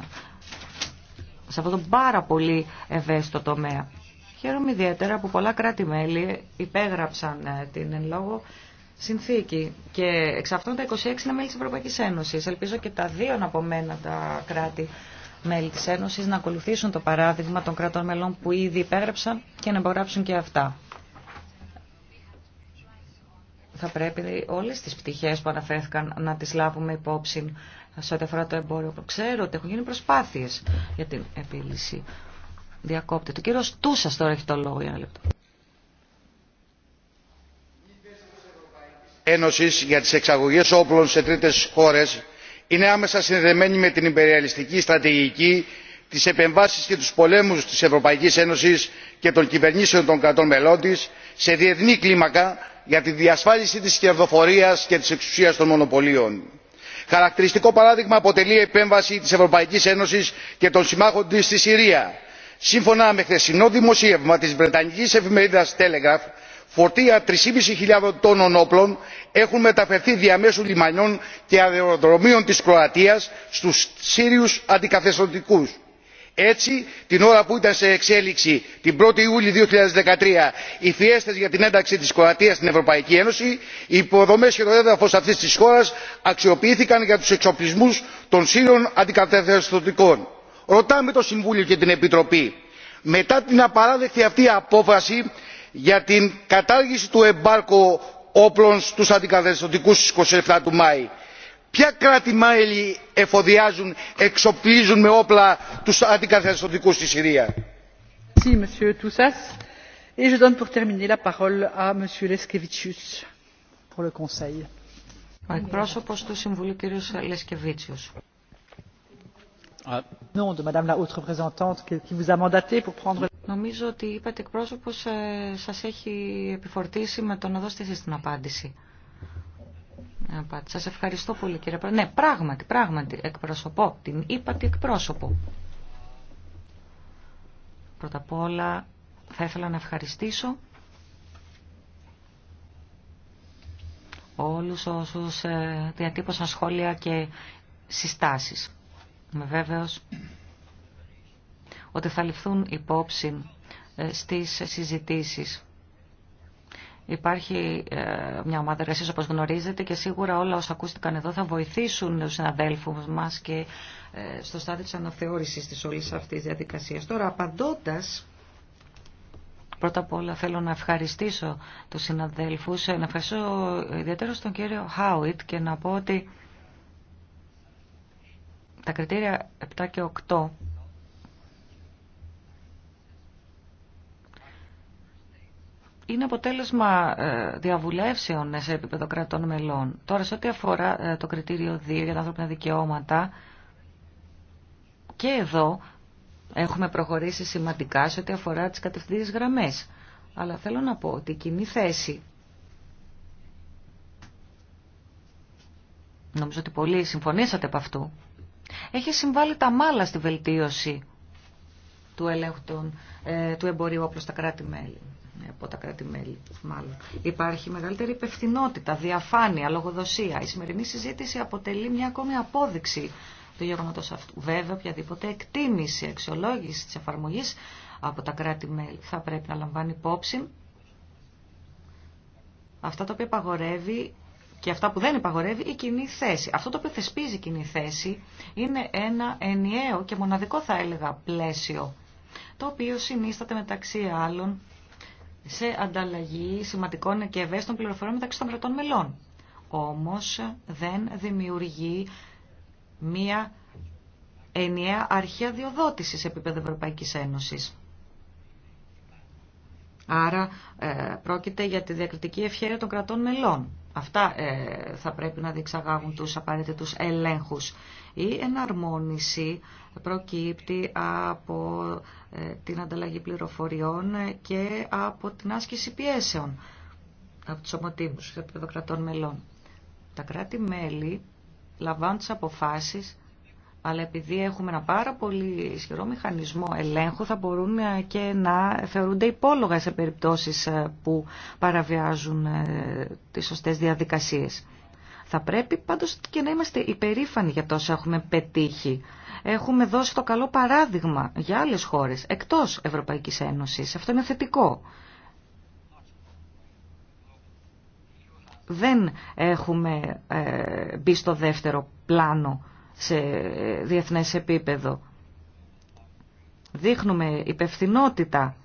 σε αυτό το πάρα πολύ ευαίσθητο τομέα. Χαίρομαι ιδιαίτερα που πολλά κράτη-μέλη υπέγραψαν ε, την εν λόγω συνθήκη και εξ αυτών τα 26 είναι μέλη της Ευρωπαϊκής Ένωσης. Ελπίζω και τα δύο να μένα τα κράτη μέλη της Ένωσης να ακολουθήσουν το παράδειγμα των κρατών μελών που ήδη υπέγραψαν και να υπογράψουν και αυτά. Θα πρέπει όλες τις πτυχές που αναφέρθηκαν να τις λάβουμε υπόψη σε ό,τι αφορά το εμπόριο. Ξέρω ότι έχουν γίνει προσπάθειες για την επίλυση. Διακόπτε. Το κύριο Τούσα τώρα έχει το λόγο για ένα λεπτό. για τις εξαγωγές όπλων σε τρίτες χώρες είναι άμεσα συνδεδεμένη με την υπεριαλιστική στρατηγική τις επεμβάσεις και τους πολέμους της ευρωπαϊκής ένωσης και των κυβερνήσεων των κρατών μελών της σε διεθνή κλίμακα για τη διασφάλιση της κερδοφορίας και της εξουσίας των μονοπωλίων. χαρακτηριστικό παράδειγμα αποτελεί η επέμβαση της ευρωπαϊκής ένωσης και των συμμάχων της στη συρία. σύμφωνα με χθεσινό δημοσίευμα της βρετανικής εφημερίδας telegraph φορτία 3.500 χιλιάδων τόνων όπλων έχουν μεταφερθεί διαμέσου λιμανιών και αεροδρομίων της κροατίας στους σύριους αντικαθεστωτικούς. έτσι την ώρα που ήταν σε εξέλιξη την 1η ιούλη δύο χιλιάδες οι φιέστες για την ένταξη της κροατίας στην ευρωπαϊκή ένωση οι υποδομές και το έδαφος αυτής της χώρας αξιοποιήθηκαν για τους εξοπλισμούς των σύριων αντικαθεστωτικών. ρωτάμε το συμβούλιο και την επιτροπή μετά την απαράδεκτη αυτή απόφαση για την κατάργηση του εμπάρκου όπλων στους αντικαταστατικούς στις 27 του Μάη. Ποια κράτη μέλη εφοδιάζουν, εξοπλίζουν με όπλα τους αντικαταστατικούς στη Συρία. Merci, monsieur Toussas. Et je donne pour terminer la parole à monsieur Leskevicius pour le Conseil. του Συμβουλίου κ. Λεσκεβίτσιος. Νομίζω ότι είπατε εκπρόσωπος ε, σα έχει επιφορτήσει με το να δώσετε εσεί την απάντηση. Σα ευχαριστώ πολύ κύριε Πρόεδρε. Ναι, πράγματι, πράγματι εκπροσωπώ. Την είπατε εκπρόσωπο. Πρώτα απ' όλα θα ήθελα να ευχαριστήσω όλους όσους ε, διατύπωσαν σχόλια και συστάσεις με βέβαιος ότι θα ληφθούν υπόψη ε, στις συζητήσεις. Υπάρχει ε, μια ομάδα εργασίας όπως γνωρίζετε και σίγουρα όλα όσα ακούστηκαν εδώ θα βοηθήσουν τους συναδέλφους μας και ε, στο στάδιο της αναθεώρησης της όλης αυτής της διαδικασίας. Τώρα απαντώντας Πρώτα απ' όλα θέλω να ευχαριστήσω τους συναδέλφους, να ευχαριστήσω ιδιαίτερα τον κύριο Χάουιτ και να πω ότι τα κριτήρια 7 και 8 είναι αποτέλεσμα ε, διαβουλεύσεων σε επίπεδο κρατών μελών. Τώρα, σε ό,τι αφορά ε, το κριτήριο 2 για τα ανθρώπινα δικαιώματα, και εδώ έχουμε προχωρήσει σημαντικά σε ό,τι αφορά τις κατευθυντήριες γραμμές. Αλλά θέλω να πω ότι η κοινή θέση, νομίζω ότι πολλοί συμφωνήσατε από αυτού, έχει συμβάλει τα μάλα στη βελτίωση του ελέγχου ε, του εμπορίου από τα κράτη-μέλη. Ε, από τα κράτη-μέλη, Υπάρχει μεγαλύτερη υπευθυνότητα, διαφάνεια, λογοδοσία. Η σημερινή συζήτηση αποτελεί μια ακόμη απόδειξη του γεγονότο αυτού. Βέβαια, οποιαδήποτε εκτίμηση, αξιολόγηση τη εφαρμογή από τα κράτη-μέλη θα πρέπει να λαμβάνει υπόψη αυτά τα οποία απαγορεύει και αυτά που δεν υπαγορεύει η κοινή θέση. Αυτό το οποίο θεσπίζει η κοινή θέση είναι ένα ενιαίο και μοναδικό θα έλεγα πλαίσιο, το οποίο συνίσταται μεταξύ άλλων σε ανταλλαγή σημαντικών και ευαίσθητων πληροφοριών μεταξύ των κρατών μελών. Όμως δεν δημιουργεί μία ενιαία αρχαία διοδότηση σε επίπεδο Ευρωπαϊκής Ένωσης. Άρα ε, πρόκειται για τη διακριτική ευχαίρεια των κρατών μελών. Αυτά ε, θα πρέπει να διεξαγάγουν τους απαραίτητους ελέγχους. Η εναρμόνιση προκύπτει από ε, την ανταλλαγή πληροφοριών και από την άσκηση πιέσεων από τους ομοτήμους των κρατών μελών. Τα κράτη-μέλη λαμβάνουν τις αποφάσεις αλλά επειδή έχουμε ένα πάρα πολύ ισχυρό μηχανισμό ελέγχου θα μπορούν ε, και να θεωρούνται υπόλογα σε περιπτώσεις ε, που παραβιάζουν ε, τις σωστές διαδικασίες. Θα πρέπει πάντως και να είμαστε υπερήφανοι για τόσα έχουμε πετύχει. Έχουμε δώσει το καλό παράδειγμα για άλλες χώρες εκτός Ευρωπαϊκής Ένωσης. Αυτό είναι θετικό. Δεν έχουμε μπει στο δεύτερο πλάνο σε διεθνές επίπεδο. Δείχνουμε υπευθυνότητα.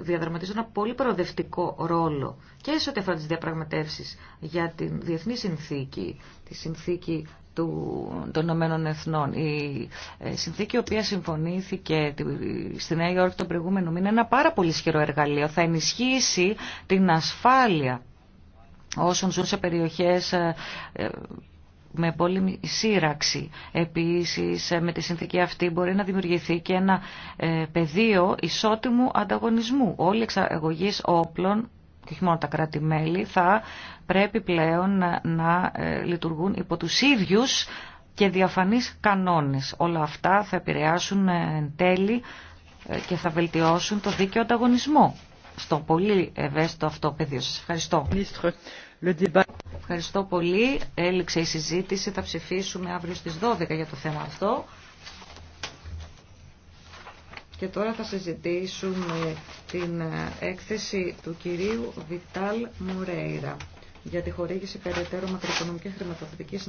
Διαδραματίζουν ένα πολύ προοδευτικό ρόλο και σε ό,τι αφορά τις διαπραγματεύσεις για την διεθνή συνθήκη, τη συνθήκη του, των Ηνωμένων Εθνών. Η ε, συνθήκη η οποία συμφωνήθηκε στη Νέα Υόρκη τον προηγούμενο μήνα είναι ένα πάρα πολύ ισχυρό εργαλείο. Θα ενισχύσει την ασφάλεια όσων ζουν σε περιοχές ε, ε, με πολύ σύραξη. Επίσης ε, με τη συνθήκη αυτή μπορεί να δημιουργηθεί και ένα ε, πεδίο ισότιμου ανταγωνισμού. Όλοι οι όπλων και όχι μόνο τα κράτη-μέλη, θα πρέπει πλέον να, να ε, λειτουργούν υπό τους ίδιους και διαφανείς κανόνες. Όλα αυτά θα επηρεάσουν εν τέλει και θα βελτιώσουν το δίκαιο ανταγωνισμό στο πολύ ευαίσθητο αυτό πεδίο. Σας ευχαριστώ. Ευχαριστώ πολύ. Έληξε η συζήτηση. Θα ψηφίσουμε αύριο στις 12 για το θέμα αυτό. Και τώρα θα συζητήσουμε την ε, έκθεση του κυρίου Βιτάλ Μουρέιρα για τη χορήγηση περαιτέρω μακροοικονομικής χρηματοδοτική